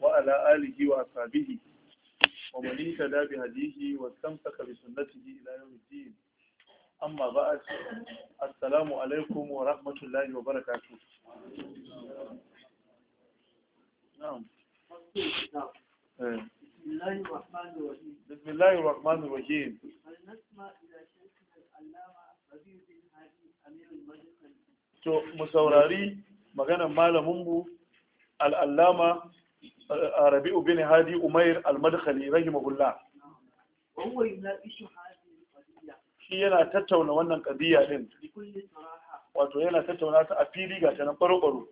وعلى آله وأصحابه ومن اهتدى بهديه واستمسك بسنته إلى يوم الدين أما بعد السلام عليكم ورحمة الله وبركاته نعم بسم الله الرحمن الرحيم بسم الله الرحمن الرحيم هل نسمع إلى شيخ العلامة ربيع بن هادي أمير المجلس تو mu مغانا maganar malaminmu al'allama uh, uh, rabi'u bin hadi umair al-madkhali rahimahullah shi yana tattauna wannan qadiya din wato yana tattauna ta a fili ga ta nan baro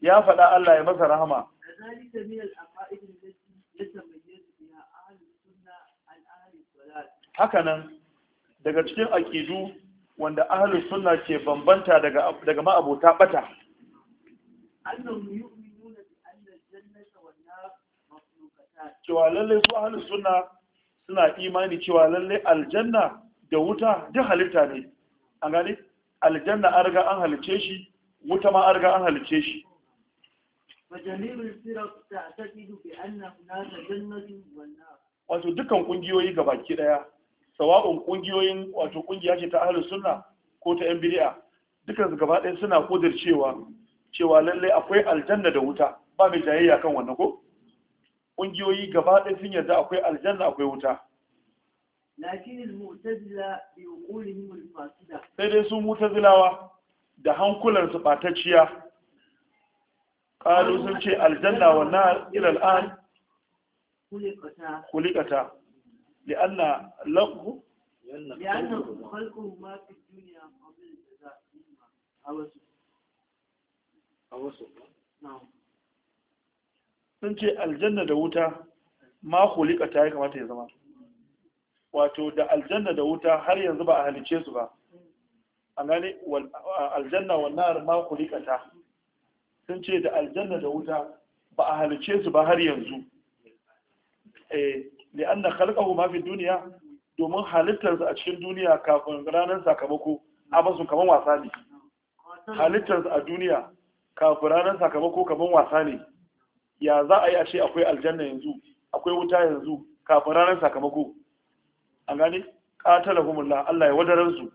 ya faɗa Allah ya masa rahama hakanan daga cikin aƙidu wanda ahalus Suna ke bambanta daga ma'abota ɓata cewa lallai su ahalin suna suna imani cewa lallai aljanna da wuta duk halitta ne an gane aljanna an riga an halice shi wuta ma an riga an halice shi wato dukkan kungiyoyi ga baki daya sawa'un kungiyoyin wato kungiya ce ta ahalin sunna ko ta yan bid'a dukkan su gaba ɗaya suna kudircewa cewa lalle akwai aljanna da wuta ba mai jayayya kan wannan ko ƙungiyoyi gaba ɗaya sun yarda akwai aljanna akwai wuta lakinin sai dai sun wuta zilawa da hankulan su batacciya qalu sun ce aljanna wa ilal an kulikata kulikata li'anna lahu li'anna khalquhuma fi dunya qabla al sun ce aljanna da wuta ma kulika ta ya kamata ya zama wato da aljanna da wuta har yanzu ba a halice su ba a gani aljanna wannan ma kulika ta sun ce da aljanna da wuta ba a halice su ba har yanzu da eh, an na khalqahu mafi duniya dunya domin halittarsa a cikin duniya kafin ranar sakamako a basu kamar wasa ne halittarsa a duniya kafiranan sakamako kaman wasa ne ya za a yi a ce akwai aljanna yanzu akwai wuta yanzu kafiranan sakamako an gane qatalahumullah Allah ya wadaran su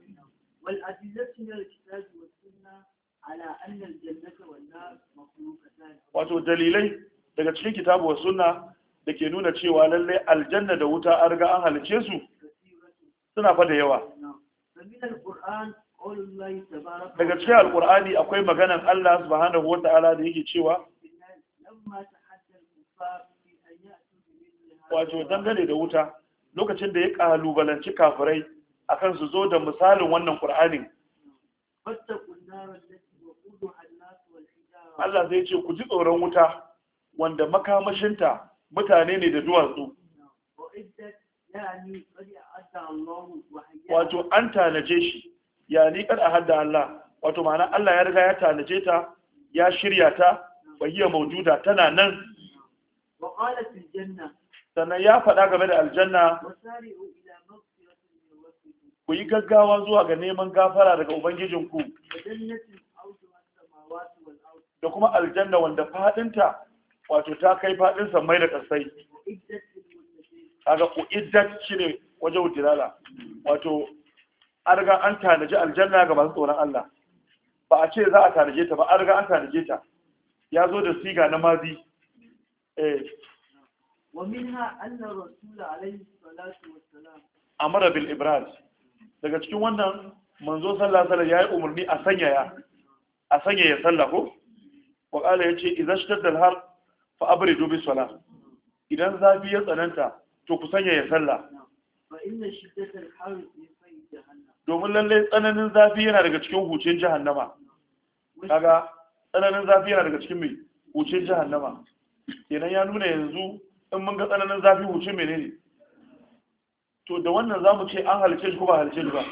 wal adillatu min alkitabi was sunna ala anna aljannata wan nar makhluqatan wato dalilai daga cikin kitabu suna sunna dake nuna cewa lalle aljanna da wuta an riga an halice su suna fa da yawa daga cikin alkur'ani akwai maganan Allah subhanahu wata'ala da yake cewa wato dangane da wuta lokacin da ya kalubalanci kafirai akan su zo da misalin wannan qur'anin Allah zai ce ku ji tsoron wuta wanda makamashinta mutane ne da duwatsu wato an tanaje shi ya ni a ahadda Allah wato ma'ana Allah ya riga ya tanaje ta ya shirya ta wahiya maujuda tana nan sannan ya faɗa game da aljanna ku yi gaggawa zuwa ga neman gafara daga ubangijinku da kuma aljanna wanda faɗinta wato ta kai faɗin samai da ƙasai kaga ku iddat ne wajen wato an riga an tanaji aljanna ga masu tsoron Allah ba a ce za a tanaje ta ba an riga an tanaje ta ya zo da siga na mazi eh wa minha anna rasul alayhi salatu wassalam amara bil ibrad daga cikin wannan manzo sallallahu alaihi wasallam yi umarni a sanyaya a sanyaya sallah ko wa qala yace idza shi al har fa abridu bi salah idan zafi ya tsananta to ku sanyaya sallah fa inna shiddatal har domin lallai tsananin zafi yana daga cikin hucin jahannama kaga tsananin zafi yana daga cikin mai hucin jahannama kenan ya nuna yanzu in mun ga tsananin zafi hucin menene to da wannan za mu ce an halice shi ko ba halice shi ba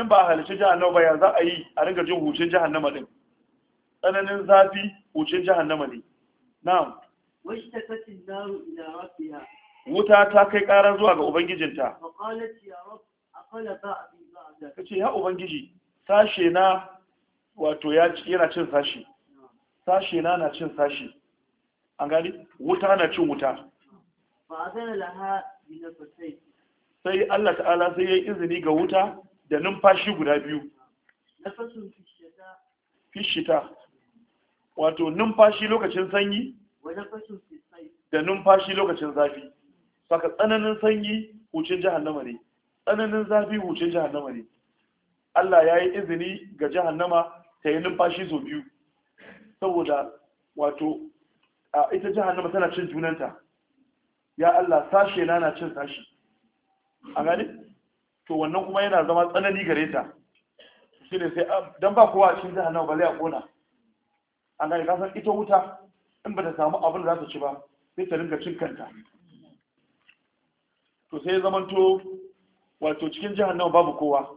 in ba halice jahannama ba ya za a yi a ringa jin hucin jahannama din tsananin zafi hucin jahannama ne na'am wuta ta kai karar zuwa ga ubangijinta ka ce ya ubangiji sashe na wato yana cin sashe sashe na na cin sashe an gani wuta na cin wuta sai Allah ta'ala sai ya yi izini ga wuta da numfashi guda biyu fishita wato numfashi lokacin sanyi da numfashi lokacin zafi saka tsananin sanyi hucin jahannama ne tsananin zafi wuce jahannama ne Allah ya yi izini ga jahannama ta yi numfashi sau biyu saboda wato a ita jahannama tana cin junanta ya Allah sashe na na cin sashi a gani to wannan kuma yana zama tsanani gare ta shi ne sai ah, don ba kowa cin jahannama ba zai a kona a gani kasan ita wuta in ba ta samu abin da za ta ci ba sai ta ringa cin kanta to sai zamanto wato cikin jahannama babu kowa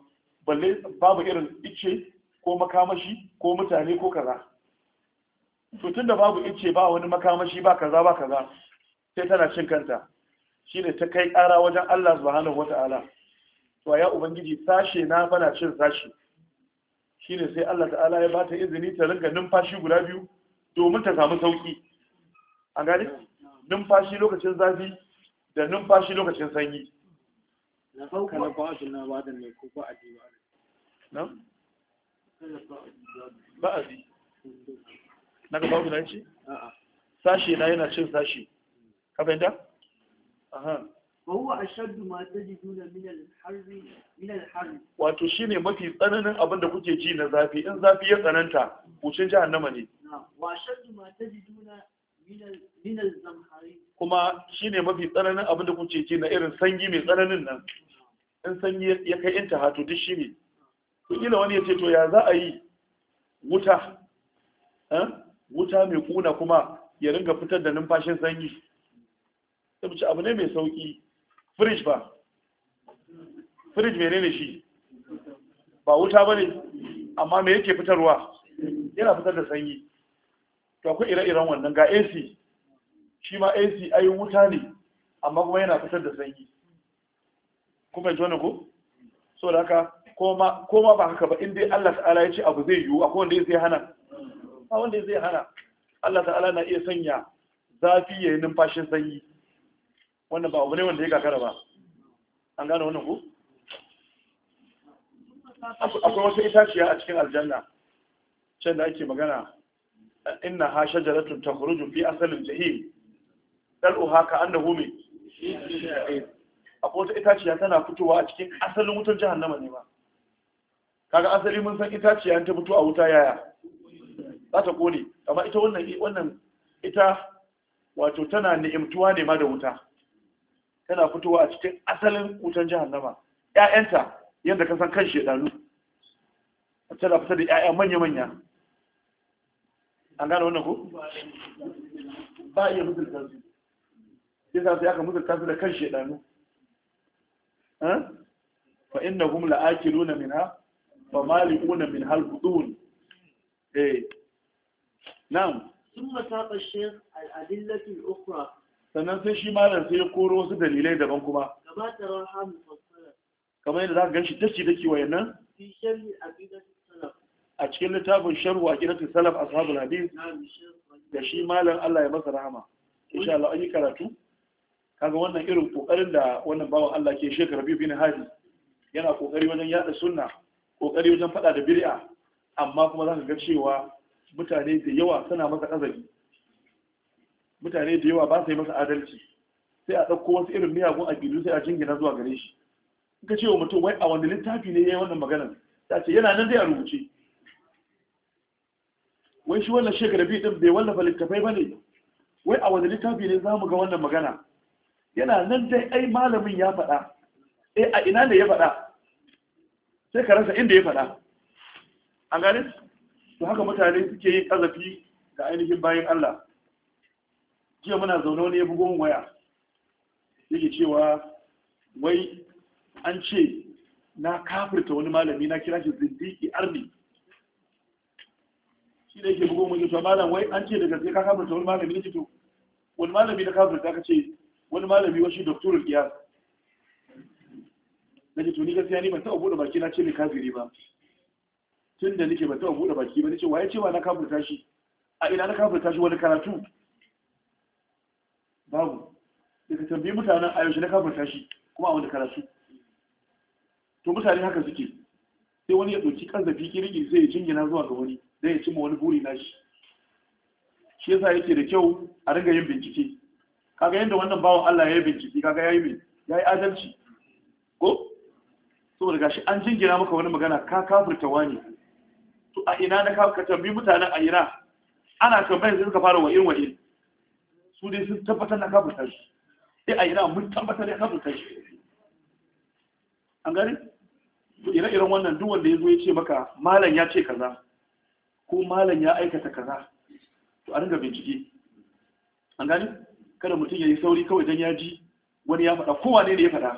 balle babu irin ice ko makamashi ko mutane ko kaza to tunda babu ice ba wani makamashi ba kaza ba kaza sai tana cin kanta shine ta kai ƙara wajen Allah subhanahu wata'ala to ya ubangiji sashe na bana cin sashi shine sai Allah ta'ala ya bata izini ta ringa numfashi guda biyu domin ta samu sauki an gane numfashi lokacin zafi da numfashi lokacin sanyi na farko na ba na wadan a ji ba na ga babu sashi na yana cin sashi ka fahimta aha وهو أشد ما تجدون من الحر من الحر wato shi ne mafi tsananin abin da kuke ji na zafi in zafi ya tsananta jihar nama ne wa ashaddu ma tajiduna kuma shi ne mafi tsananin abinda da kuke ce na irin sanyi mai tsananin nan in sanyi ya kai inta hatu duk shi to kila wani ya ce to ya za a yi wuta eh, wuta mai kuna kuma ya ringa fitar da numfashin sanyi sai abu ne mai sauki fridge ba fridge menene shi ba wuta ba ne. amma mai yake fitarwa yana fitar da sanyi to akwai ire-iren wannan ga AC shi ma AC ai wuta ne amma kuma yana fitar da sanyi kuma ji wani ko so da haka koma ba haka ba in dai Allah ta'ala ya ce abu zai yiwu akwai wanda zai hana A wanda zai hana Allah ta'ala na iya sanya zafi ya yi numfashin sanyi wannan ba abu ne wanda ya kakara ba an gane wannan ku? akwai wata itaciya a cikin aljanna can da ake magana inna ha shajaratun takhruju fi asalin jahim dal'uha ka annahu min akwai wata itaciya tana fitowa a cikin asalin wutar jahannama ne ba kaga asali mun san itaciya ta fito a wuta yaya za ta kone amma ita wannan wannan ita wato tana ni'imtuwa ne ma da wuta tana fitowa a cikin asalin wutan jahannama ƴaƴanta yadda ka san kan shedanu tana fitar da ƴaƴa manya-manya an gane wannan ku? ba iya mutunta su yasa sai aka mutunta su da kan shedanu fa innahum la'akiluna minha fa malikuna min hal qudun eh na'am thumma saqa shaykh al-adillati al-ukhra sannan sai shi malam sai ya koro wasu dalilai daban kuma kamar yadda za ka gan shi tacci da wayannan. fi sharhi al a cikin littafin sharhu a gidan salaf ashabul hadith da shi malam Allah ya masa rahama insha Allah an yi karatu kaga wannan irin kokarin da wannan bawan Allah ke shekar Rabi bin Hadi yana kokari wajen yada sunna kokari wajen fada da bid'a amma kuma zaka ga cewa mutane da yawa suna masa azabi mutane da yawa ba su yi masa adalci sai a dauko wasu irin miyagun abidu sai a jingina zuwa gare shi in ka ce wa mutum wai a wanda littafi ne ya yi wannan maganar ta ce yana nan dai a rubuce wai shi wannan shekara biyu din bai wallafa littafai ba ne wai a wani littafi ne za mu ga wannan magana yana nan dai ai malamin ya faɗa eh a ina ne ya faɗa sai ka rasa inda ya faɗa an gane to haka mutane suke yin kazafi ga ainihin bayan Allah jiya muna zaune wani ya bugo mun waya yake cewa wai an ce na kafirta wani malami na kira shi zindiki arni shi da yake bugun mun to malam wai an ce da gaske ka kafirta wani malami ne to wani malami da kafirta ka ce wani malami wa shi doktorul qiyas nake tuni ni gaskiya ni ban taɓa buɗe baki na ce ni kafiri ba tun da nake ban taɓa buɗe baki ba nace waye cewa na kafirta shi a ina na kafirta shi wani karatu babu daga tambayi mutanen a yaushe na kafirta shi kuma a wani karatu to mutane haka suke sai wani ya ɗauki ƙazafi kirgin zai jingina zuwa ga wani Zai ya cimma wani buri na shi shi yasa yake da kyau a ringa yin bincike kaga yadda wannan bawan Allah ya yi bincike kaga ya yi mai ya yi adalci ko saboda gashi an jingina maka wani magana ka kafirta wani to a ina na ka tambi mutanen a ina ana tambayar sai suka fara wa irin wa'in su dai sun tabbatar na kafirta shi sai a ina mun tabbatar da kafirta shi an gani ire-iren wannan duk wanda ya zo ya ce maka malam ya ce kaza ko malam ya aikata kaza to an ga bincike an gani kada mutum ya yi sauri kawai dan ya ji wani ya faɗa kowa ne ya faɗa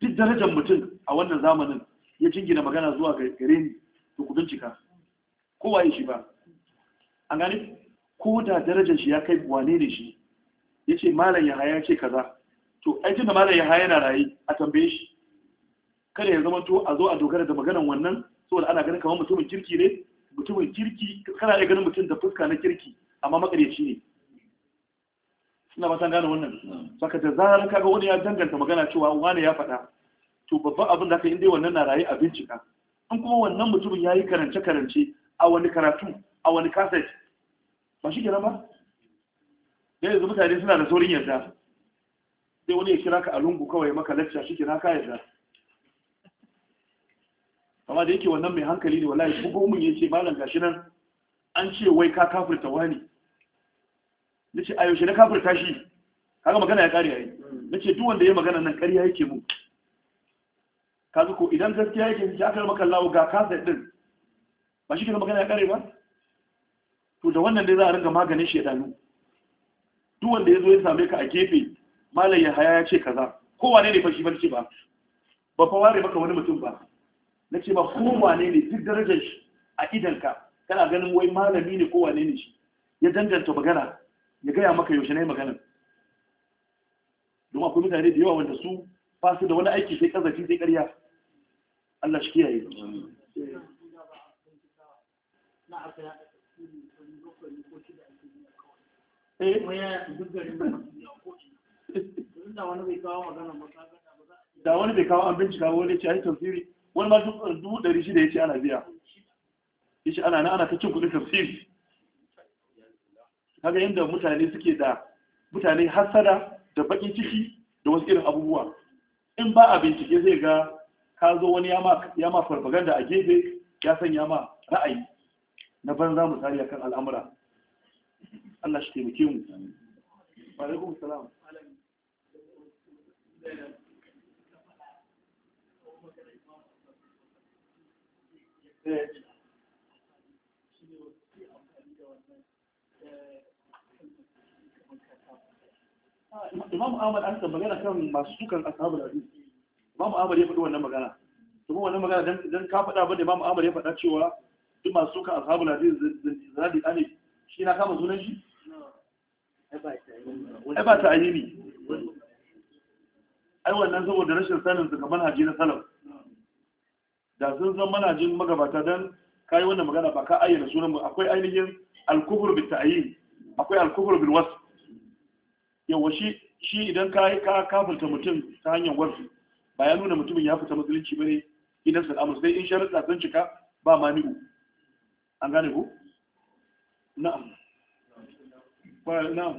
duk darajar mutum a wannan zamanin ya jingina magana zuwa gare ni to ku bincika kowa ya shi ba an gani ko da darajar shi ya kai wane ne shi ya ce malam ya haya ce kaza to aikin da malam ya haya yana raye a tambaye shi kada ya zama to a zo a dogara da maganan wannan saboda ana ganin kamar mutumin kirki ne mutumin kirki kana iya ganin mutum da fuska na kirki amma makaryaci ne suna ba gane wannan saka da zarar kaga wani ya danganta magana cewa wani ya faɗa to babban abin da ka yi wannan na rayu a bincika in kuma wannan mutumin ya yi karance karance a wani karatu a wani kaset ba shi kenan ba da yanzu mutane suna da saurin yarda sai wani ya kira ka a lungu kawai maka lacca shi kira ka yarda amma da yake wannan mai hankali ne wallahi kuma mun yace malam gashi nan an ce wai ka kafirta wani nace a yaushe na kafirta shi kaga magana ya kare yayi nace duk wanda yayi magana nan ƙarya yake mu kaga ko idan gaskiya yake shi aka maka Allah ga kafir din ba shi ke magana ya kare ba to da wannan dai za a ringa maganin shedanu duk wanda ya zo ya same ka a gefe malam ya haya ya ce kaza kowa ne ne fa shi ba ba fa ware maka wani mutum ba na ce ba kuma ne ne duk darajar shi a idanka kana ganin wai malami ne ko wane ne shi ya danganta magana ya gaya maka yaushe na yi magana domin akwai mutane da yawa wanda su ba su da wani aiki sai kazafi sai karya Allah shi kiyaye eh? da wani bai kawo an bincika wani ce a yi tafsiri wani ma dubu ɗari shida ya ce ana biya ya ce ana na ana ta cin kuɗin tafsir kaga yadda mutane suke da mutane hasada da baƙin ciki da wasu irin abubuwa in ba a bincike zai ga ka zo wani ya ma farfaganda a gefe ya sanya ma ra'ayi na banza misali kan al'amura Allah shi taimake mu. Wa alaikum Imamu ahmad an magana kan masu dukan ashabul hadis imam ahmad ya faɗi wannan magana kuma wannan magana dan ka faɗa ba da imam ahmad ya faɗa cewa duk masu dukan ashabul hadis zadi ne shi na kama sunan shi ai ba ta ayini ai wannan saboda rashin sanin su kamar haji na salaf da sun san manajin magabata don kai wannan magana ba ka ayyana sunan mu akwai ainihin al bi ta'yin akwai al-kufr bil wasf yawa shi shi idan ka ka kafirta mutum ta hanyar wasf ba ya nuna mutumin ya fita musulunci bane idan sun amsa sai in sharuɗa sun cika ba ni'u an gane ku na'am ba na'am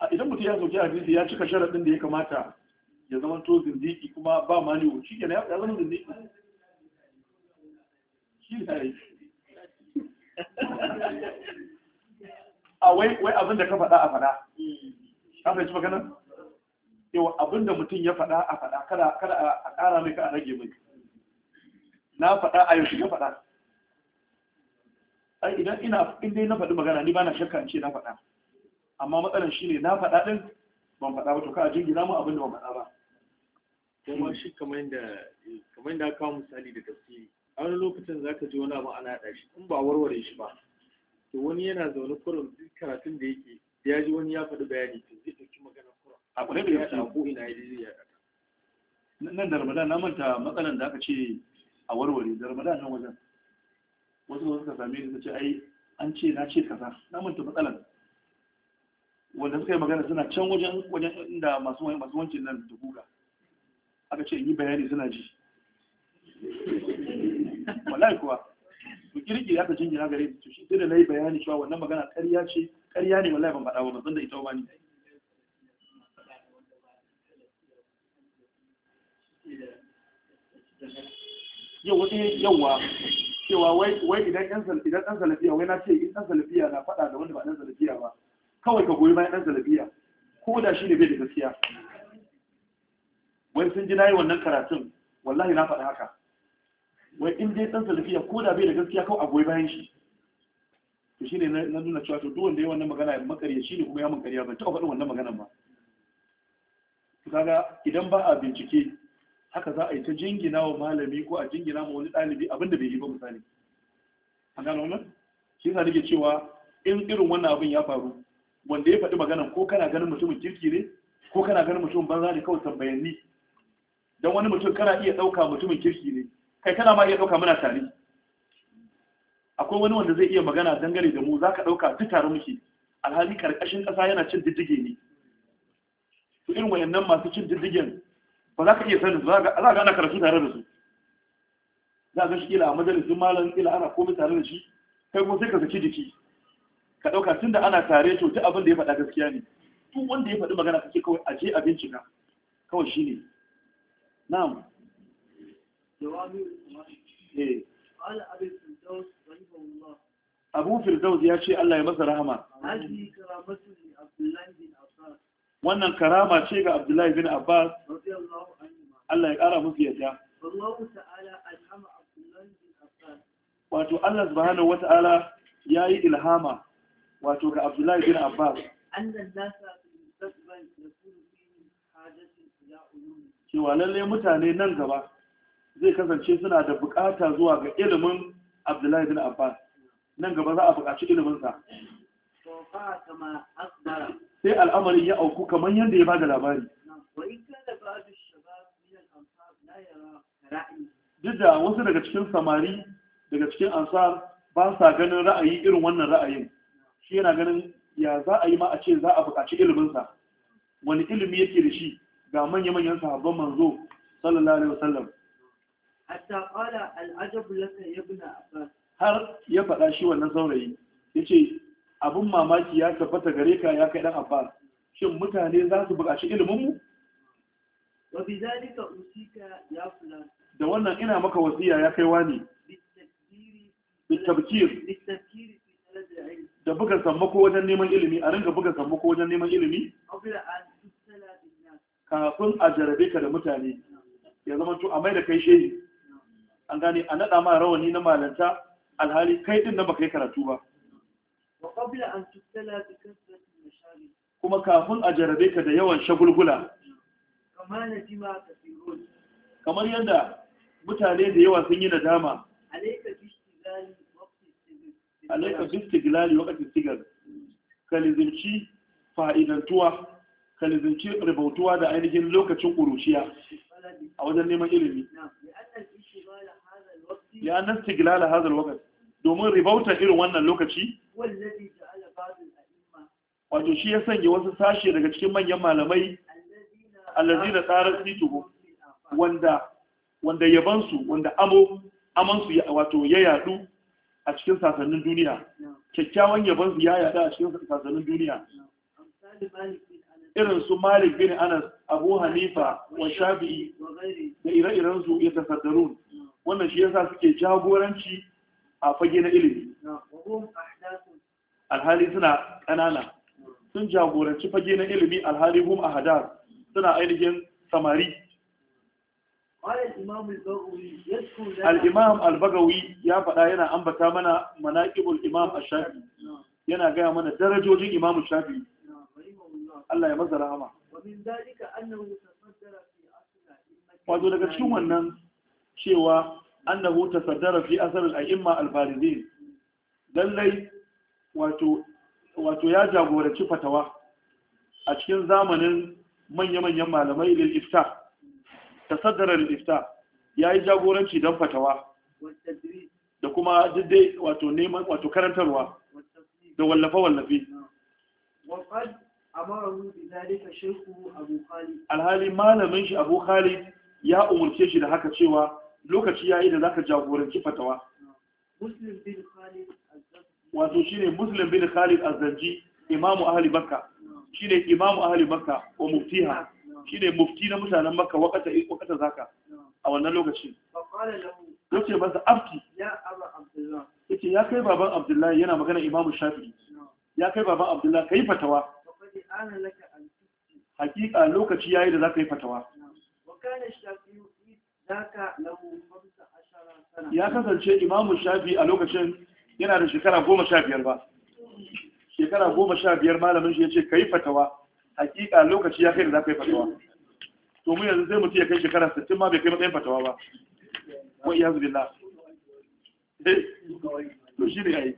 a idan mutum ya a hadisi ya cika sharaɗin da ya kamata ya zama to zindiki kuma ba ma ne wuci ya zama zindiki shi na yi a wai wai abin da ka faɗa a faɗa ka fahimci maganar yawa abin da mutum ya faɗa a faɗa kada kada a ƙara mai ka a rage mai na faɗa a yaushe ka faɗa ai idan ina in dai na faɗi magana ni ba na shakka in ce na faɗa amma matsalar shine na faɗa din ban faɗa ba to ka gina mu abin da ban faɗa ba kuma shi kamar yadda kamar yadda aka misali da tafsiri a wani lokacin zaka ji wani abu ana haɗa shi in ba warware shi ba to wani yana zaune kurum duk karatun da yake ya ji wani ya faɗi bayani to zai ɗauki magana kurum a kwarai da ya ko ina ya zai ya ɗaga nan da ramadan na manta matsalan da aka ce a warware da ramadan nan wajen wasu suka same ni suka ce ai an ce na ce kaza na manta matsalan wanda suka yi magana suna can wajen wajen inda masu masu wancin nan da guga aka ce yi bayani suna ji wallahi kuwa ku kirki ya ta jingina gare su shi sai da nayi bayani cewa wannan magana ƙarya ce ƙarya ne wallahi ban faɗa ba ban san da ita ba ni yau wani yawa cewa wai idan ɗan salafiya wai na ce in ɗan salafiya na faɗa da wanda ba ɗan salafiya ba kawai ka goyi bayan ɗan zalabiya ko da shi ne bai da gaskiya wai sun ji na yi wannan karatun wallahi na faɗi haka wai in dai ɗan zalabiya ko da bai da gaskiya kawai a goyi bayan shi to shi ne na nuna cewa to duwanda ya wannan magana ya makarya shi ne kuma ya makarya ban taɓa faɗin wannan maganan ba kaga idan ba a bincike haka za a yi ta jingina wa malami ko a jingina ma wani ɗalibi abinda bai yi ba misali an gano wannan shi yasa nake cewa in irin wannan abin ya faru wanda ya faɗi magana ko kana ganin mutumin kirki ne ko kana ganin mutumin banza ne kawai tambayanni don wani mutum kana iya ɗauka mutumin kirki ne kai kana ma iya ɗauka muna tare akwai wani wanda zai iya magana dangane da mu za ka ɗauka duk tare muke alhali ƙarƙashin ƙasa yana cin diddige ne su irin wayannan masu cin diddigen ba za ka iya sanin za ka ana karatu tare da su za ka shi ila a majalisun malam ila ana komai tare da shi kai kuma sai ka saki jiki ka ɗauka tun da ana tare to ta abin da ya faɗa gaskiya ne duk wanda ya faɗi magana kake kawai a je a bincika kawai shi ne na'am eh. abu firdaus ya ce Allah ya masa rahama wannan karama ce ga abdullahi bin abbas Allah ya ƙara musu yadda wato Allah subhanahu wata'ala ya yi ilhama wato ga Abdullahi bin Abbas cewa lallai mutane nan gaba zai kasance suna da bukata zuwa ga ilimin Abdullahi bin Abbas nan gaba za a bukaci iliminsa sai al'amarin ya auku kamar yadda ya bada labari duk da wasu daga cikin samari daga cikin ansar ba sa ganin ra'ayi irin wannan ra'ayin shi yana ganin ya za a yi ma a ce za a buƙaci iliminsa wani ilimi yake da shi ga manya-manyan sahabban manzo sallallahu alaihi wasallam hatta qala al'ajab laka ibn abbas har ya faɗa shi wannan saurayi yace abun mamaki ya tabbata gare ka ya kai dan abbas shin mutane za su buƙaci ilimin mu wa bidalika usika ya fulan da wannan ina maka wasiya ya kai wani bitabkir bitabkir fi talab al-ilm da buga sammako wajen neman ilimi a ringa buga sammako wajen neman ilimi kafin a jarabe ka da mutane ya zama to a mai da kai shehi an gane a naɗa ma rawani na malanta alhali kai din na baka yi karatu ba kuma kafin a jarabe ka da yawan shagulgula kamar yadda mutane da yawa sun yi nadama alaika Gilali wakati sigar kalizimci fa'idantuwa kalizimci rubutuwa da ainihin lokacin ƙuruciya a wajen neman ilimi ya nan stiglala hazar wakati domin ribauta irin wannan lokaci wato shi ya sanya wasu sashe daga cikin manyan malamai allazi da tsarar situhu wanda wanda yabansu wanda amo amansu wato ya yadu a cikin sasannin duniya kyakkyawan yabon su ya yada a cikin sasannin duniya irin su malik bin anas abu hanifa wa shafi'i da ire-iren su ya tasaddarun wannan shi yasa suke jagoranci a fage na ilimi alhali suna ƙanana sun jagoranci fage na ilimi alhali hum ahadar suna ainihin samari Al'imam al-bagawi ya faɗa yana ambata mana manaƙibul imam a shafi yana gaya mana darajojin imamun shafi Allah ya maza rahama. Wato daga cikin wannan cewa annahu tasaddara fi asar al al-barizin lallai wato wato ya jagoraci fatawa a cikin zamanin manya-manyan malamai lil iftah tasaddara lifta ya yi jagoranci don fatawa da kuma daidai wato neman wato karantarwa da wallafe-wallafe alhali malamin shi abu khalid ya umarce shi da haka cewa lokaci ya yi da za ka jagoranci fatawa wato shi ne muslim bin khalid azanji imamu ahali bakka shi ne imamu ahali bakka wa muftiha shine mufti na mutanen makka wakata in wakata zaka a wannan lokaci ya ce masa abki ya yace ya kai baban abdullahi yana magana imamu shafi'i ya kai baban abdullahi ka yi fatawa hakika lokaci yayi da za ka yi fatawa ya kasance imamu shafi a lokacin yana da shekara goma sha biyar ba shekara goma sha biyar malamin shi ya ce ka yi fatawa hakika lokaci ya kai da za ka yi fatawa to mu yanzu zai mutu ya kai shekara sittin ma bai kai matsayin fatawa ba wa iya zubi la eh, to shi ne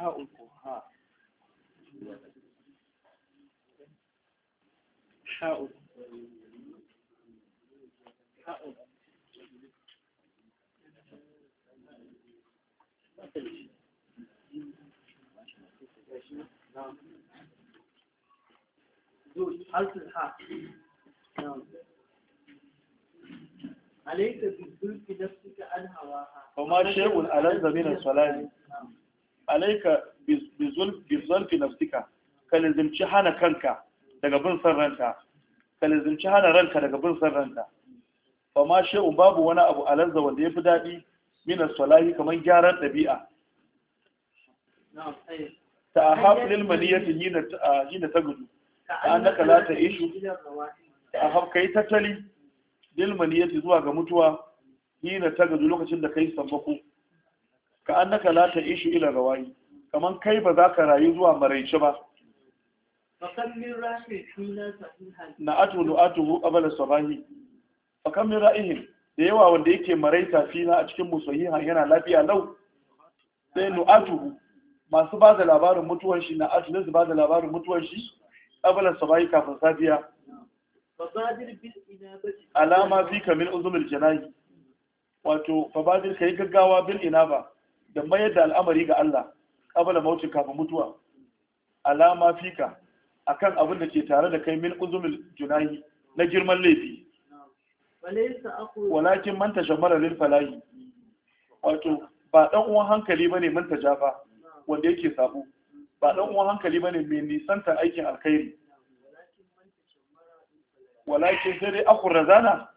فحاء الفهاء حاء حاء نعم نعم عليك بالذل نفسك عن وما شيء ألذ من الصلاة نعم. alaika bizulfi nafsika ka lazimci hana kanka daga bin san ranka ka hana ranka daga bin san ranka fa ma shay'un babu wani abu alanza wanda yafi dadi min salahi kaman gyaran dabi'a ta ahab lil maniyati hina hina tagudu annaka la ta'ishu ta a kai tattali lil maniyati zuwa ga mutuwa hina tagudu lokacin da kai sabbako ka annaka la ishi ila rawayi kaman kai ba za ka rayu zuwa maraice ba Na atu rashi na atu du'atuhu qabla sabahi fakan min ra'ihin da yawa wanda yake maraita fina a cikin musahiha yana lafiya lau sai nu'atuhu masu ba da labarin mutuwar shi na atu su ba da labarin mutuwar shi qabla sabahi kafin safiya alama fi kamin uzumil janayi wato fabadir yi gaggawa bil inaba da mayar da al'amari ga Allah qabla mautin kafin mutuwa alama fika akan abin da ke tare da kai min uzumil junahi na girman laifi walakin man tashammara lil falahi wato ba dan uwan hankali bane man tajafa wanda yake sabo ba dan uwan hankali bane mai nisanta aikin alkhairi walakin sai dai akwai razana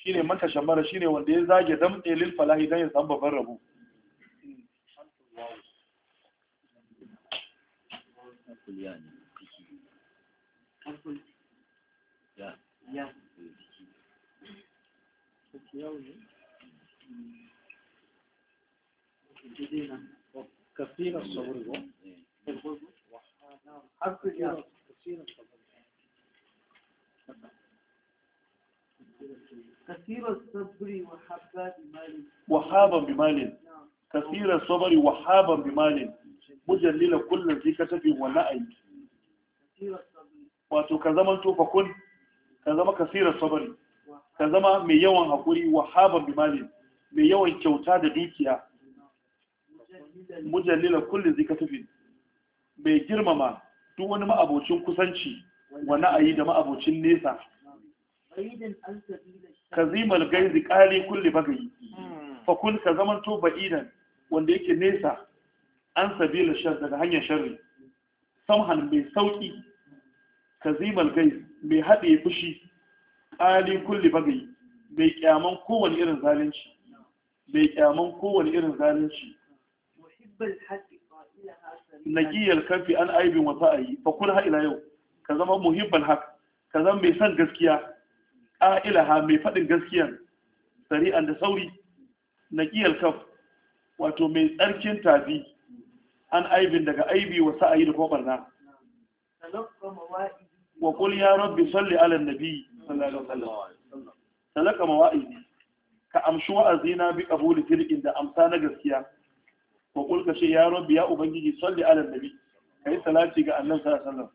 shine man tashammara shine wanda ya zage damɗe lil falahi dan ya san babban rabo الياني الفل يا يا كثير الصبر حرف الياء كثير الصبر كثير الصبر وحابا بمال وحابا بمال كثير الصبر وحابا بمال mujallila kullum zai ka tafi wani ayi wato ka zama tofa kun ka zama kasirar sabari ka zama mai yawan haƙuri wahaban bimalin mai yawan kyauta da dukiya mujallila kullum zai ka tafi mai girmama duk wani ma'abocin kusanci wa ayi da ma'abocin nesa ka zimal gaizi ƙali kulle bagayi fakun ka zama to ba'idan wanda yake nesa an sabila shar daga hanyar sharri samhan mai sauki kazimal gai mai haɗe fushi ƙali kulli bagai mai kyaman kowane irin zalunci mai kyaman kowane irin zalunci nagiyar kafi an aibin wata ayi fa kun ila yau ka zama muhibbal haq ka zama mai son gaskiya ƙa'ilaha mai faɗin gaskiyan sari'an da sauri naqiyal kaf wato mai tsarkin tabi an aibin daga aibi wa sa'ayi da kobarna wa kul ya rabbi salli ala nabi sallallahu alaihi wasallam talaka ka amshi wa'azina bi qabuli tilkin da amsa na gaskiya wa kul ka ya rabbi ya ubangiji salli ala nabi kai salati ga annabi sallallahu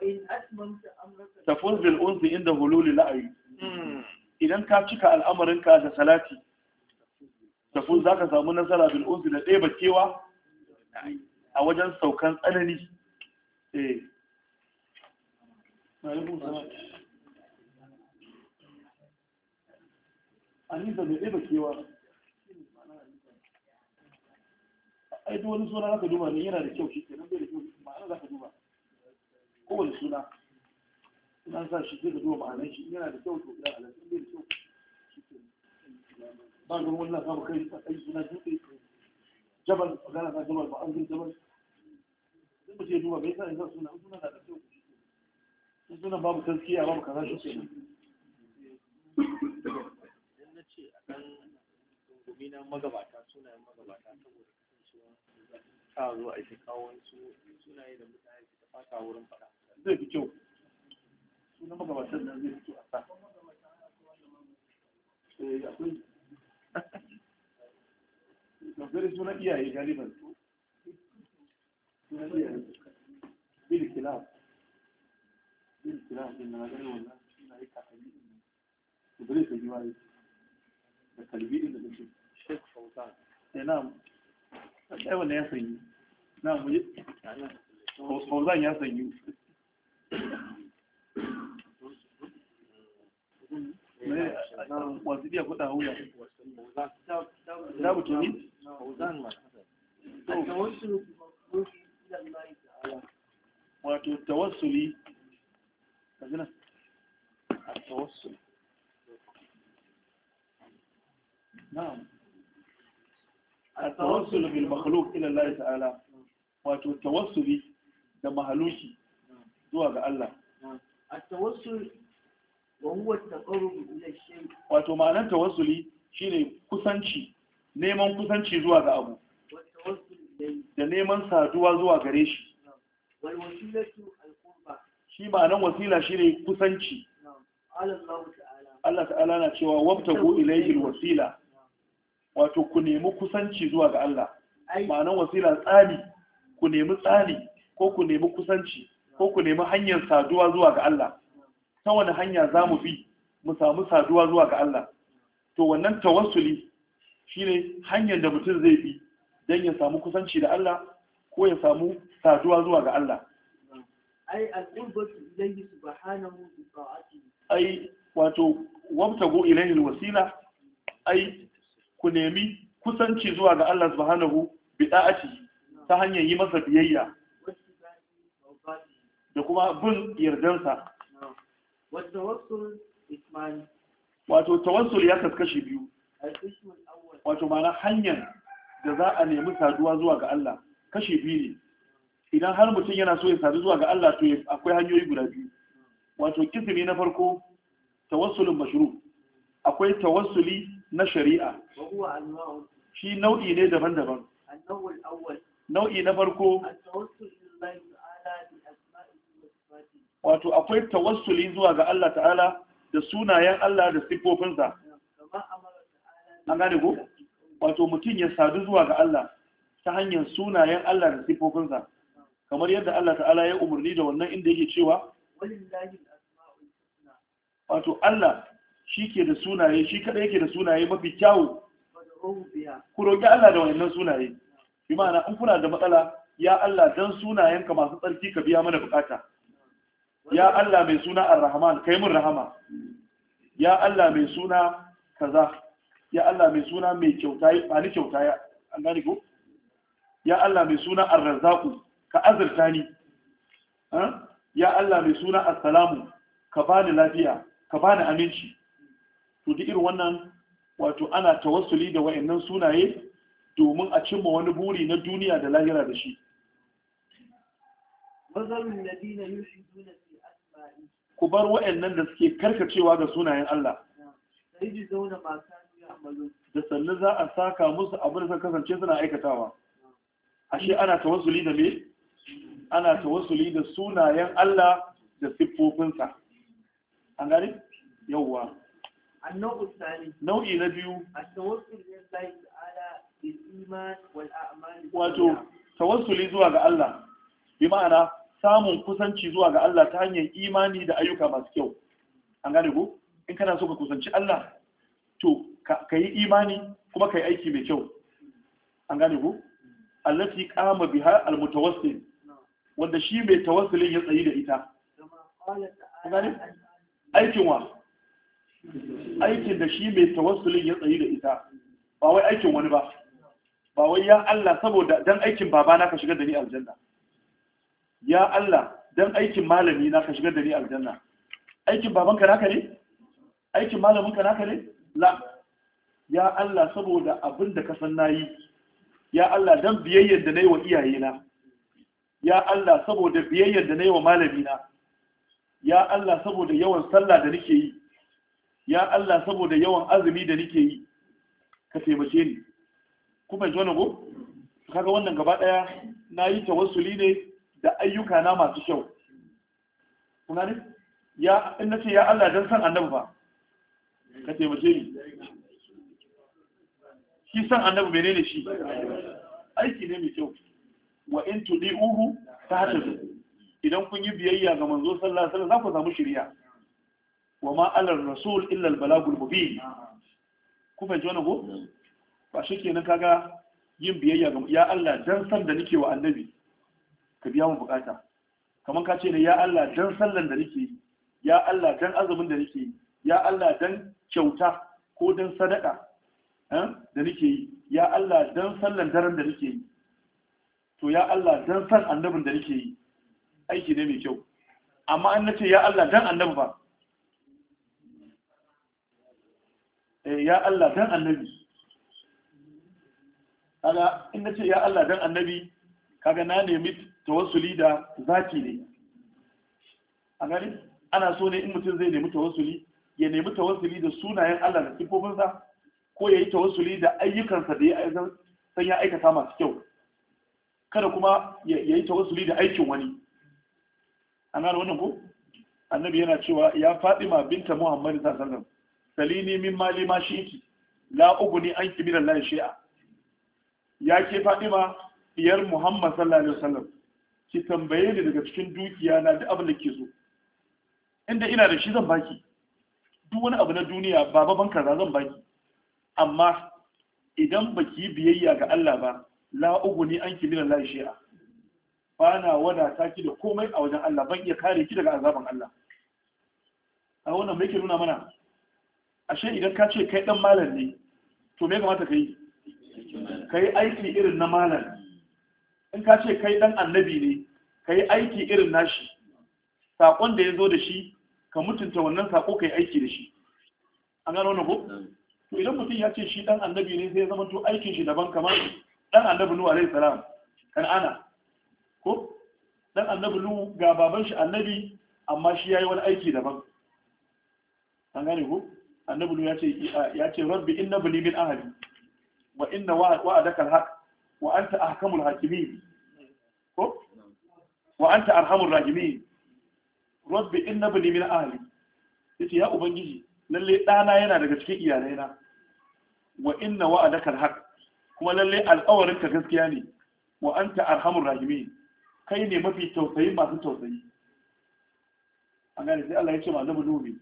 alaihi wasallam unzi inda hululi la'ayi idan ka cika al'amarinka da salati za ka samu nasara bil unzi da ɗaya bakewa a wajen saukan tsanani eh anisa mai ɗaya kewa ai duk wani suna zaka duba ne yana da kyau shi kenan bai da kyau ma'ana zaka duba kowane suna suna sa shi zai ka duba ma'anar shi yana da kyau to ya halatta bai da kyau ba zan wani wannan kama kai a kai suna dutse jabal magana na jabal ba an zai jabal sun ba ce duba bai sa yanzu suna suna da da sun suna babu taskiya babu kaza shi ne nan na ce a kan gobe na magabata sunayen magabata saboda kasancewa ta zo a ita kawo wani sunaye da mutane ta fata wurin fada zai fi kyau sunan magabatan nan zai fi kyau a sa eh, akwai dogari sunan iyaye galiban sunan iyaye bil kilaf bil kilaf din na gani wannan suna yi din da dole ka jiwa yi da kalbi din da kake shek sauta sai eh, na sai wannan ya sanyi na mu yi sauta ya sanyi wasu biya kuɗa wuya da mutum fauzan wato tawassuli kazina a tawassul na'am a bil Allah ta'ala wato tawassuli da mahaluki zuwa ga Allah a tawassul ma'anar tawassuli shine kusanci neman kusanci zuwa ga abu da neman saduwa zuwa gare shi shi ma'anan wasila shi ne kusanci Allah ta'ala na cewa wabtagu ilayhi wasila wato ku nemi kusanci zuwa ga Allah ma'anan wasila tsani ku nemi tsani ko ku nemi kusanci ko ku nemi hanyar saduwa zuwa ga Allah ta wani hanya za mu fi mu samu saduwa zuwa ga Allah to wannan tawassuli shine hanyar da mutum zai bi don ya samu kusanci da Allah ko ya samu saduwa zuwa ga Allah ai al-qurbatu ilayhi subhanahu bi ai wato wabtagu ilayhi al-wasila ai ku nemi kusanci zuwa ga Allah subhanahu bi ta'atihi ta hanyar yi masa biyayya da kuma bin yardansa wato tawassul ya kaskashi biyu wato mana hanyar da za a nemi saduwa zuwa ga Allah kashi biyu ne idan har mutum yana so ya sadu zuwa ga Allah to akwai hanyoyi guda biyu wato kisimi na farko tawassulin mashru akwai tawassuli na shari'a shi nau'i ne daban-daban nau'i na farko wato akwai tawassuli zuwa ga Allah ta'ala da sunayen Allah da siffofinsa an gane ko wato mutum ya sadu zuwa ga Allah ta hanyar sunayen Allah da sifofinsa kamar yadda Allah ta'ala ya umarni da wannan inda yake cewa wato Allah shi ke da sunaye shi kada yake da sunaye mafi kyawu ku roƙi Allah da wannan sunaye bi ma'ana an kuna da matsala ya Allah dan sunayenka masu tsarki ka biya mana bukata ya Allah mai suna Ar-Rahman kai mun rahama ya Allah mai suna kaza ya Allah mai suna mai kyauta ya bani kyauta ya an gani ko ya Allah mai suna ar razaku ka azurta ni ya Allah mai suna assalamu ka bani lafiya ka bani aminci to duk irin wannan wato ana tawassuli da wayannan sunaye domin a cimma wani buri na duniya da lahira da shi ku bar wa'annan da suke karkacewa ga sunayen Allah da sannu za a saka musu abin da kasance suna aikatawa ashe ana tawassuli da me ana tawassuli da sunayen Allah da siffofinsa an gani yawwa nau'i na biyu wato tawassuli zuwa ga Allah bi ma'ana samun kusanci zuwa ga Allah ta hanyar imani da ayyuka masu kyau an gani ko in kana so ka kusanci Allah to ka yi imani kuma ka yi aiki mai kyau an gane ku allati qama biha almutawassil wanda shi mai tawassulin ya tsayi da ita aikin wa aikin da shi mai tawassulin ya tsayi da ita ba wai aikin wani ba ba wai ya Allah saboda dan aikin babana ka shigar da ni aljanna ya Allah dan aikin malami na ka shigar da ni aljanna aikin babanka naka ne aikin malamin ka naka ne la ya Allah saboda abin da ka san nayi ya Allah dan biyayyar da nayi wa iyayena ya Allah saboda biyayyar da nayi wa malamina ya Allah saboda yawan sallah da nake yi ya Allah saboda yawan azumi da nake yi ka taimake ni kuma ji wani go kaga wannan gaba daya nayi tawassuli ne da ayyuka na masu kyau kuna ne ya in nace ya Allah dan san annabi ba ka taimake ni shi san annabi menene shi aiki ne mai kyau wa in tudi'uhu tahtadu idan kun yi biyayya ga manzo sallallahu alaihi wasallam za ku samu shiriya wa ma alar rasul illa al balagul mubin ku fa jona go ba shi shikenan kaga yin biyayya ga ya Allah dan san da nake wa annabi ka biya mu bukata Kamar ka ce ne ya Allah dan sallan da nake ya Allah dan azumin da nake ya Allah dan kyauta ko dan sadaka Eh, da nake yi ya Allah dan sallan daren da nake yi to ya Allah dan san annabin da nake yi aiki ne mai kyau amma an nace ya Allah dan annabi ba eh, ya Allah dan annabi kaga in nace ya Allah dan annabi kaga na nemi tawassuli da zati ne a gani ana so ne in mutum zai nemi tawassuli ya nemi tawassuli da sunayen Allah da sifofinsa ko ya yi tawassuli da ayyukansa da ya san ya aikata masu kyau kada kuma ya yi tawassuli da aikin wani an gane wannan ko annabi yana cewa ya faɗi ma binta muhammad ta sallam. salini min mali ma yake la uguni an kibiran lai shi'a ya ke ma biyar muhammad sallallahu alaihi wasallam ki tambaye ni daga cikin dukiya na duk abin da ke so inda ina da shi zan baki duk wani abu na duniya baba ban kaza zan baki amma idan baki biyayya ga Allah ba la'ugu ni an ki min Allah shi'a ba na wadata ki da komai a wajen Allah ban iya kare ki daga azaban Allah a wannan me yake nuna mana ashe idan ka ce kai dan malam ne to me kamata ka yi ka aiki irin na malam in ka ce kai dan annabi ne ka aiki irin nashi sakon da ya zo da shi ka mutunta wannan sako ka yi aiki da shi an gano wannan ko to idan mutum ya ce shi dan annabi ne sai ya zama to aikin shi daban kamar dan annabi nuhu alaihi salam kan ana. ko dan annabi nuhu ga baban shi annabi amma shi yayi wani aiki daban an gane ko annabi nuhu ya ce ya ce rabbi inna bali min ahli wa inna wa'adaka alhaq wa anta ahkamul hakimin ko wa anta arhamur rahimin rabbi inna bali min ahli yace ya ubangiji lalle ɗana yana daga cikin iyalaina wa inna wa'adaka alhaq kuma lalle alƙawarin ka gaskiya ne wa an ta arhamun rahimin kai ne mafi tausayi masu tausayi an gane sai Allah ya ce ma Nuhu ne.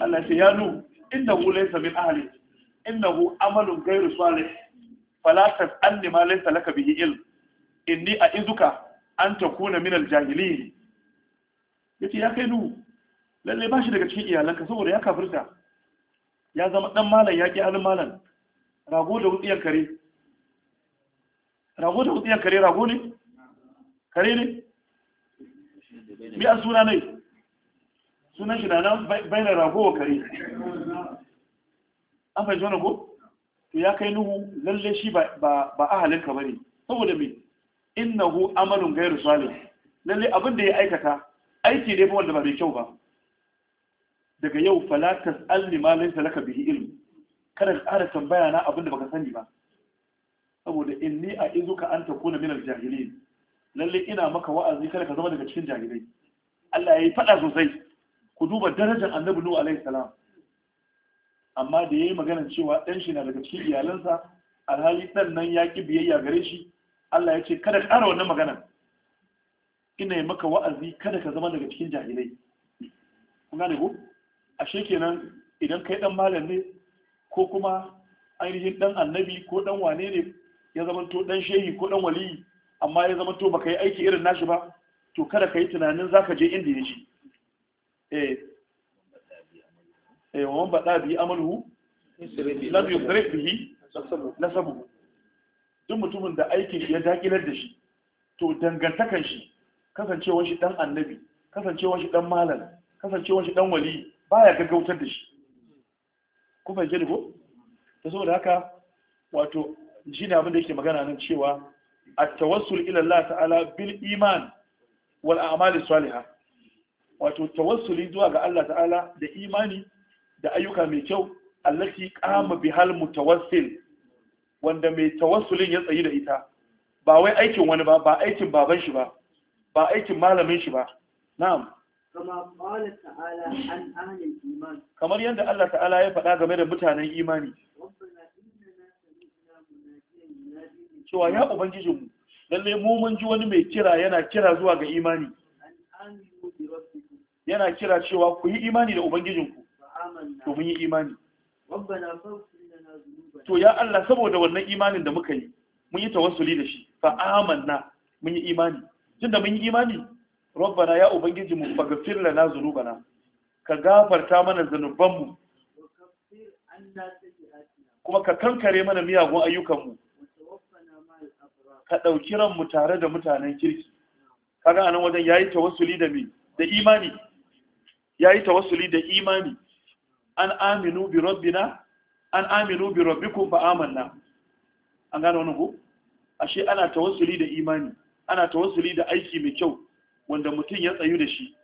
Allah ya ce ya nuhu innahu laysa min ahli innahu amalun ghayru salih fala tas'alni ma laysa laka bihi ilm inni izuka an takuna min al-jahilin yace ya kai nuhu lalle ba shi daga cikin iyalanka saboda ya kafirta ya zama dan malam ya ki malam rago da wutsiyar kare rago da wutsiyar kare rago ne kare ne mi a suna ne sunan shi na nan bayan rago wa kare an fahimci wani ko to ya kai nuhu lalle shi ba ahalin ka bane saboda me innahu amalun gairu salih lalle abin da ya aikata aiki ne ba wanda ba mai kyau ba daga yau falatas tas'al li ma laysa laka bihi ilm kada ka tambaya na abin da baka sani ba saboda inni a ka an takuna min minar jahilin lalle ina maka wa'azi kada ka zama daga cikin jahilai Allah ya yi faɗa sosai ku duba darajar annabi Nuhu alaihi salam amma da yayi magana cewa dan shi na daga cikin iyalansa alhali dan nan ya ki biyayya gare shi Allah ya ce kada ka ara wannan magana ina yi maka wa'azi kada ka zama daga cikin jahilai kun gane ko A shekenan idan kai dan malam ne ko kuma ainihin dan annabi ko dan wane ne ya to dan shehi ko dan waliyi amma ya to baka yi aiki irin nashi ba to kada ka yi tunanin zaka je inda ya shi eh eh wannan bada bi amalu lam yudrik bihi nasabu duk mutumin da aikin ya dakilar da shi to dangantakan shi kasancewar shi dan annabi kasancewar shi dan malam kasancewar shi dan waliyi baya gaggautar da shi ku bai ji ko ta saboda haka wato shi ne abin da yake magana nan cewa at-tawassul ila Allah ta'ala bil iman wal a'mal salihah wato tawassuli zuwa ga Allah ta'ala da imani da ayyuka mai kyau allati qama bihal mutawassil wanda mai tawassulin ya tsayi da ita ba wai aikin wani ba ba aikin baban shi ba ba aikin malamin shi ba na'am kamar yadda Allah ta'ala ya faɗa game da mutanen imani cewa ya ubangijinmu lalle mu mun ji wani mai kira yana kira zuwa ga imani yana kira cewa ku yi imani da ubangijinku to mun yi imani to ya Allah saboda wannan imanin da muka yi mun yi tawassuli da shi fa amanna mun yi imani tunda mun yi imani rabbana ya ubangiji mu faghfir lana zunubana. ka gafarta mana zunubanmu. kuma ka kankare mana miyagun ayyukanmu ka ran mu tare da mutanen kirki kaga anan wajen yayi tawassuli da mi da imani yayi tawassuli da imani an aminu bi rabbina an aminu bi rabbikum fa amanna an gane wannan ko ashe ana tawassuli da imani ana tawassuli da aiki mai kyau wanda mutum ya tsayu da shi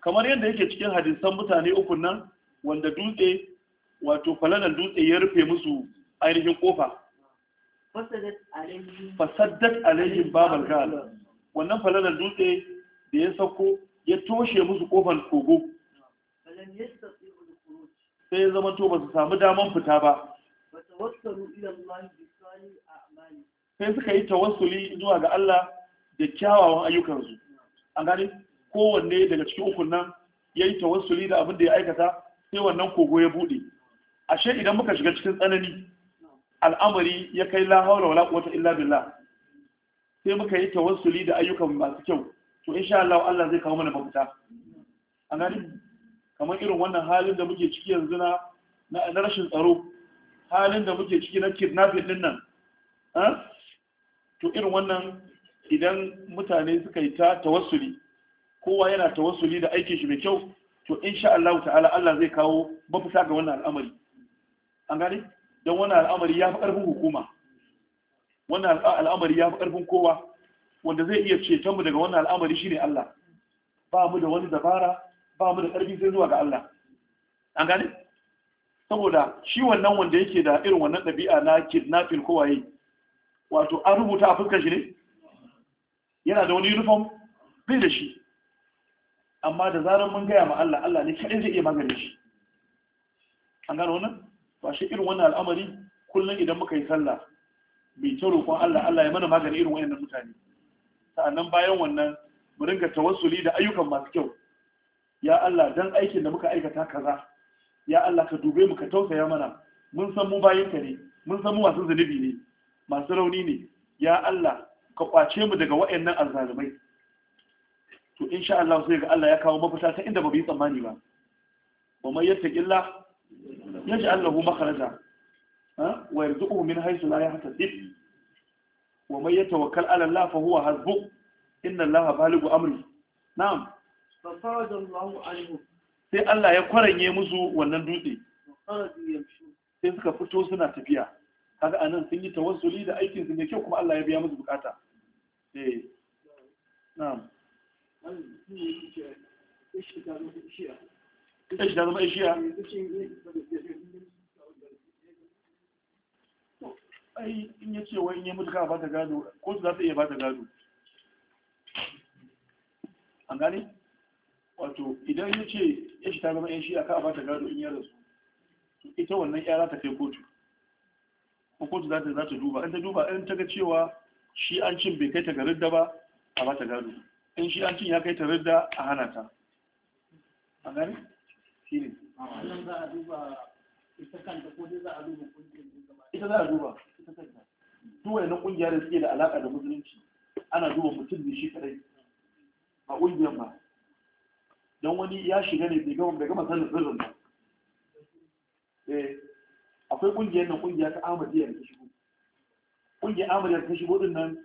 kamar yadda yake cikin hadisan mutane uku nan wanda dutse wato falalan dutse ya rufe musu ainihin kofa fasaddat alaihim babal gal wannan falalan dutse da ya sako ya toshe musu kofan kogo sai ya zama to ba su samu daman fita ba sai suka yi tawassuli zuwa ga Allah da kyawawan ayyukansu an gani kowanne daga cikin ukun nan ya yi tawassuli da abin da ya aikata sai wannan kogo ya buɗe ashe idan muka shiga cikin tsanani al'amari ya kai la haula wala quwwata illa billah sai muka yi tawassuli da ayyukan masu kyau to insha Allah Allah zai kawo mana mafita an gani kamar irin wannan halin da muke ciki yanzu na na rashin tsaro halin da muke ciki na kidnapping din nan to irin wannan idan mutane suka yi ta tawassuli kowa yana tawassuli da aikin shi mai kyau to insha Allah ta'ala Allah zai kawo mafita ga wannan al'amari an gane don wannan al'amari ya fi ƙarfin hukuma wannan al'amari ya fi ƙarfin kowa wanda zai iya cetonmu daga wannan al'amari shine Allah ba mu da wani dabara ba mu da ƙarfi sai zuwa ga Allah an gane saboda shi wannan wanda yake da irin wannan ɗabi'a na kidnapping kowaye wato an rubuta a fuskar shi ne yana da wani uniform bai da shi amma da zarar mun gaya ma Allah Allah ne kadai zai iya magana shi an gano wannan ba shi irin wannan al'amari kullum idan muka yi sallah mai ta roƙon Allah Allah ya mana magana irin wayannan mutane sa'annan bayan wannan mu ringa tawassuli da ayyukan masu kyau ya Allah dan aikin da muka aikata kaza ya Allah ka dube mu ka tausaya mana mun san mu bayin ka ne mun san mu masu zunubi ne masu rauni ne ya Allah ka kwace mu daga waɗannan azzalumai to insha Allah sai ga Allah ya kawo mafita ta inda ba bi tsammani ba wa man yattaqilla yaj'al lahu makhraja wa yarzuquhu min haythu la yahtasib wa man yatawakkal 'ala Allah fa huwa hasbuh inna Allah balighu amri na'am fa faraja Allah anhu sai Allah ya kwaranye musu wannan dutse sai suka fito suna tafiya kaga anan sun yi tawassuli da aikin su mai kyau kuma Allah ya biya musu bukata eh na'am shi ta zama ishiya ai in ya ce wai in yi mutu ka ba ta gado ko su za su iya ba ta gado an gane wato idan ya ce shi ta zama shi aka ba ta gado in ya rasu ita wannan yara ta kai kotu hukunci za ta za ta duba in ta duba in ta ga cewa shi an cin bai kai ta garin da ba a ba ta gado in shi an cin ya kai ta ridda a hana ta a gani shi ne ita za a duba ita za a duba ita kanta Duwai na kungiyar da suke da alaka da musulunci ana duba mutum ne shi kadai ba kungiyar ba don wani ya shiga ne bai gama sallar sirrin ba eh. akwai ƙungiyar nan ƙungiya ta amadiyar da ta shigo kungiyar amadiyar da ta shigo din nan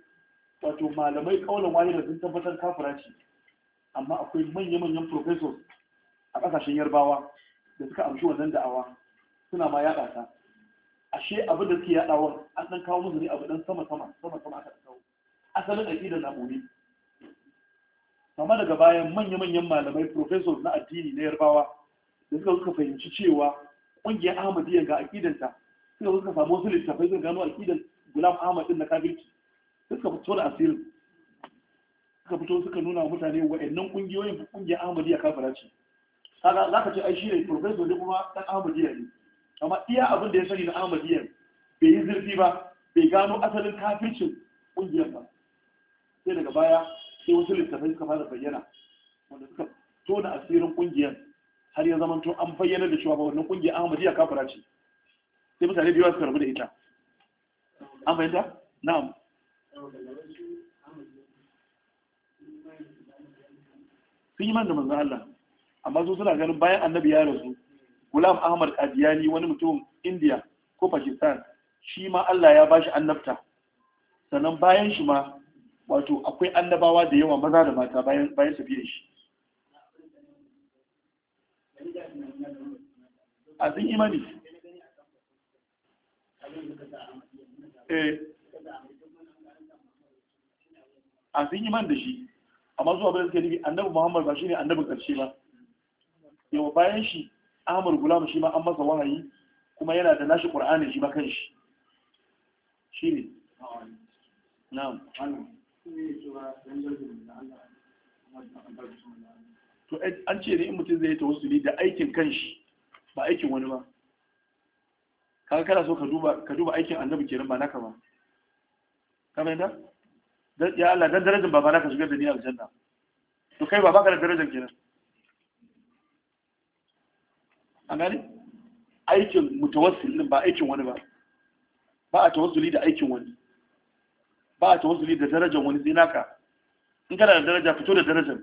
wato malamai kaulan da sun tabbatar kafira ce amma akwai manya-manyan professors a ƙasashen yarbawa da suka amshi wannan da'awa suna ma yaɗa ta ashe abin da suke yaɗawa an ɗan kawo musu ne abu ɗan sama-sama sama-sama aka kawo asalin aƙida na ɓoye amma daga bayan manya-manyan malamai professors na addini na yarbawa da suka suka fahimci cewa ƙungiyar ahmadiyya ga akidanta suka suka samu wasu littafai suka gano akidan gulam ahmad din na kafirci suka fito da asirin suka fito suka nuna mutane wa'annan ƙungiyoyin ƙungiyar ahmadiyya kafira ce haka za ka ce ai shi ne profesor ne kuma ɗan ahmadiyya ne amma iya abin da ya sani na ahmadiyya bai yi zurfi ba bai gano asalin kafircin ƙungiyar ba sai daga baya sai wasu littafai suka fara bayyana wanda suka tona asirin ƙungiyar har ya zama tun an bayyana da cewa wannan kungiya Ahmadiyya kafira ce sai mutane biyu suka rabu da ita an fahimta na'am sun yi man da manzan Allah amma su suna ganin bayan annabi ya rasu gulam ahmad Adiyani wani mutum india ko pakistan shi ma Allah ya bashi annabta sannan bayan shi ma wato akwai annabawa da yawa maza da mata bayan tafiyar shi a sun imani eh. a sun imani da shi amma zuwa bayan suke nufi annabi muhammad ba shi ne annabin ƙarshe ba yau bayan shi ahmad gulam shi ma an masa wahayi kuma yana da nashi ƙur'anin shi ma kan shi shi ne na'am to an ce ne in mutum zai tawassuli da aikin kanshi ba aikin wani ba kaga kana so ka duba aikin annabi kenan ba naka ba ka da ya Allah dan darajar baba naka shigar da ni aljanna to kai baba ka da darajar kenan an gani aikin mutawassil din ba aikin wani ba ba a tawassuli da aikin wani ba a tawassuli da darajar wani sai naka in kana da daraja fito da darajar ne.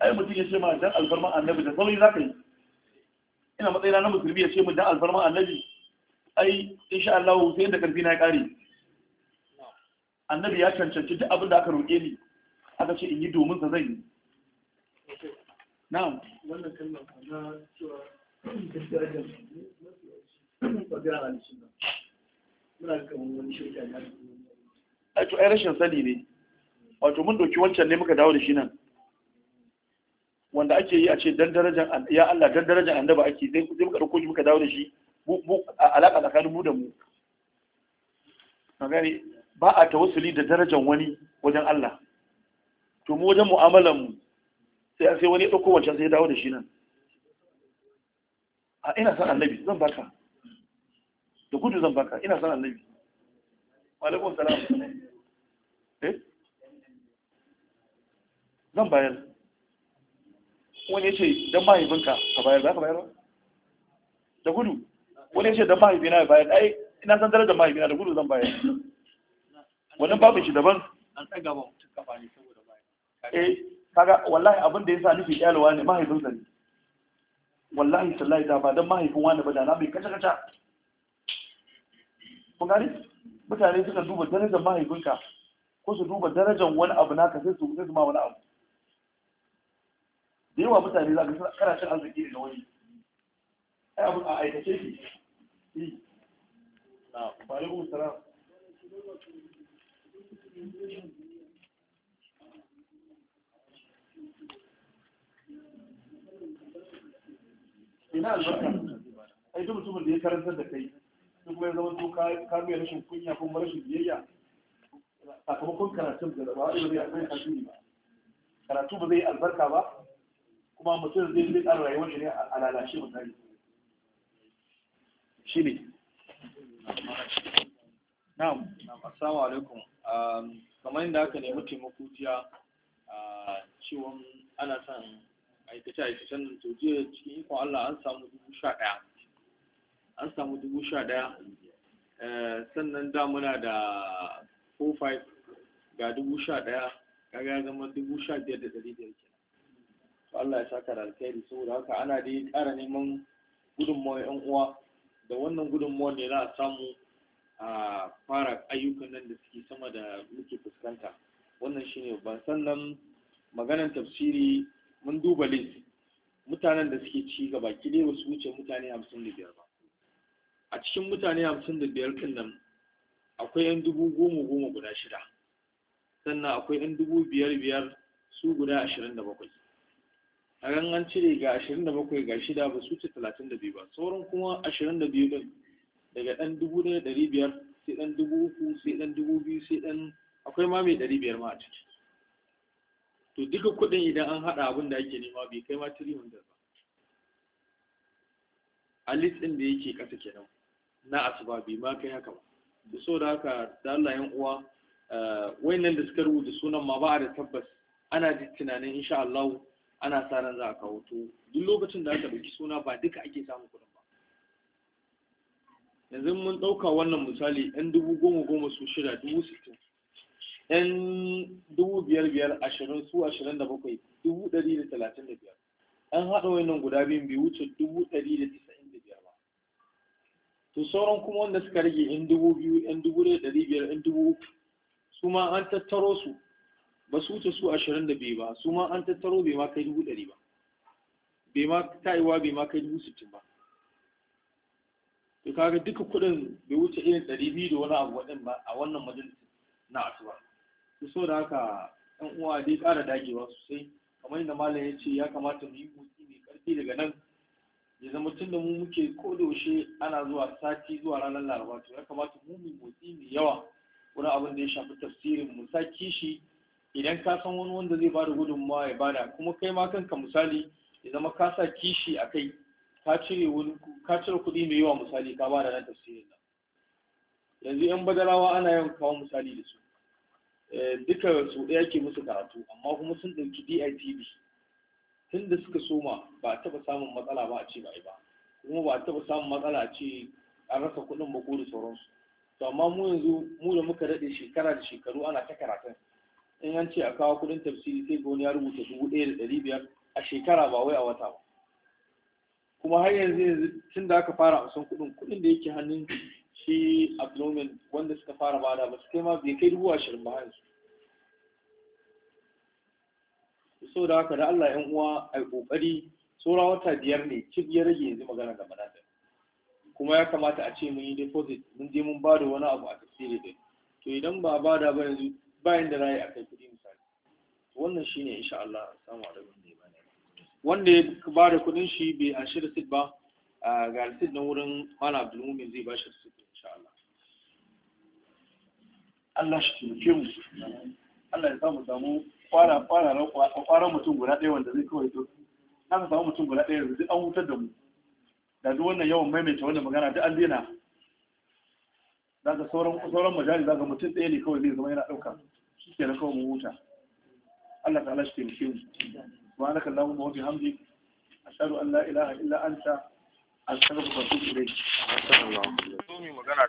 ai mutum ya ce ma dan alfarman annabi da sauri za ka yi ina matsayina na musulmi ya ce mu dan alfarman annabi ai insha Allah sai inda karfi na ya kare annabi ya cancanci duk abin da aka roƙe ni aka ce in yi domin sa zan yi na'am wannan kalmar na cewa gaskiya da magana muna kamar wani shirka na wato ai rashin sani ne wato mun doki wancan ne muka dawo da shi nan wanda ake yi a ce dan darajar ya Allah dan darajar annaba ake sai sai muka dauko shi muka dawo da shi mu alaka tsakanin mu da mu magani ba a tawassuli da darajar wani wajen Allah to mu wajen mu'amalar mu sai sai wani ya dauko wancan sai ya dawo da shi nan a ina san annabi zan baka da gudu zan baka ina san annabi wa alaikum salam eh zan bayar wani ya ce don mahaifinka ka bayar za ka bayar ba da gudu wani ya ce don mahaifina ya bayar ai ina san darajar mahaifina da gudu zan bayar wani babin shi daban an san gaba mutum kafa ne saboda bayar eh kaga wallahi abin da ya sa nufi yalwa ne mahaifinsa ne wallahi sallahi ta ba don mahaifin wani ba da na mai kaca kaca kun gani mutane suka duba darajar mahaifinka ko su duba darajar wani abu naka sai su ma wani abu da yawa mutane za ka kana cin arziki daga wani ai abin a aikace shi yi na kuma sara ina albarka ai duk mutumin da ya karantar da kai su kuma ya zama to ka mai rashin kunya kuma rashin biyayya sakamakon karatun da ba a yi wani a ba karatu ba zai albarka ba kuma mutum zai zai ƙara rayuwar shi ne a lalace misali shi ne na'am assalamu alaikum um, kamar yadda aka nemi taimako jiya uh, ciwon ana son aikace aikacen to jiya cikin ikon Allah an samu dubu sha ɗaya an samu dubu sha ɗaya uh, sannan da muna da 45 ga dubu sha ɗaya kaga ya zama dubu sha biyar da ɗari biyar ke Allah ya saka da alkhairi saboda haka ana dai ƙara neman gudunmawar yan uwa da wannan gudunmawar ne za a samu a fara ayyukan nan da suke sama da muke fuskanta wannan shine ba sannan maganar tafsiri mun duba list mutanen da suke ci gaba ki dai wasu wuce mutane hamsin da biyar ba a cikin mutane hamsin da biyar nan akwai yan dubu goma goma guda shida sannan akwai yan dubu biyar biyar su guda ashirin da bakwai a ran an cire ga 27 ga 6 ba su ce 32 ba sauran kuma 22 din daga dan 1500 sai dan 3000 sai dan 2000 sai dan akwai ma mai 500 ma a ciki to duka kudin idan an hada abin da ake nema bai kai ma 300 ba a list din da yake kasa kenan na asuba bai ma kai haka ba da so da haka da Allah yan uwa eh, wayannan da suka rubuta sunan ma ba a da tabbas ana tunanin insha Allah ana sa ran za a kawo to duk lokacin da aka ɗauki suna ba duka ake samun kuɗin ba yanzu mun ɗauka wannan misali yan dubu goma goma su shida dubu sittin yan dubu biyar biyar ashirin su ashirin da bakwai dubu ɗari da talatin da biyar an haɗa wannan guda biyun bai wuce dubu ɗari da tisa'in da biyar ba to sauran kuma wanda suka rage yan dubu biyu yan dubu ɗari biyar yan dubu uku su ma an tattaro su ba su wuce su ashirin da biyu ba su ma an tattaro bai ma kai dubu dari ba bai ma taiwa bai ma kai dubu sittin ba to kaga duka kuɗin bai wuce irin ɗari biyu da wani abu waɗin ba a wannan majalisa na asuba su so da haka ɗan uwa dai ƙara dagewa sosai kamar yadda malam ya ce ya kamata mu yi motsi mai ƙarfi daga nan ya zama tun da mu muke ko da yaushe ana zuwa sati zuwa ranar laraba to ya kamata mu mu motsi mai yawa wani abin da ya shafi tafsirin mu sa kishi idan ka san wani wanda zai ba da gudunmawa ya bada kuma kai ma kanka misali ya zama ka sa kishi a kai ka cire wani kuɗi mai yawa misali ka bada nan tafsirin nan yanzu yan badarawa ana yawan kawo misali da su eh, duka su ɗaya ke musu karatu amma kuma sun ɗauki DITB tun da suka soma ba a taɓa samun matsala ba a ce ba ba kuma ba a taɓa samun matsala a ce an rasa kuɗin ba ko da sauransu to amma mu yanzu mu da muka daɗe shekara da shekaru ana ta karatun in an ce a kawo kudin tafsiri sai ga wani ya rubuta dubu ɗaya da ɗari biyar a shekara ba wai a wata ba kuma har yanzu yanzu tun da aka fara amsan kudin kudin da yake hannun shi abdomen wanda suka fara bada ba su kai ma bai kai dubu ashirin ba yanzu so da haka da Allah yan uwa a kokari saura wata biyar ne cib ya rage yanzu magana ga manajan kuma ya kamata a ce mun yi deposit mun je mun bada wani abu a tafsiri din to idan ba bada ba yanzu bayan da rayu kai kuɗi misali wannan shine insha Allah samu a rabin da ya bani wanda ya ba da kuɗin shi bai shirya receipt ba ga sit na wurin mana Abdul Mumin zai ba shi sit insha Allah Allah shi ke mu Allah ya samu samu fara fara fara mutum guda ɗaya wanda zai kawai to na ka samu mutum guda ɗaya zai an hutar da mu da duk wannan yawan maimaita wannan magana duk an daina za ka sauran sauran majali za ka mutum ɗaya ne kawai zai zama yana ɗauka shi ke kawai mu huta Allah ta halashi taimake mu subhanak allahumma wa bihamdik ashhadu an la a illa anta astaghfiruka wa atubu ilayk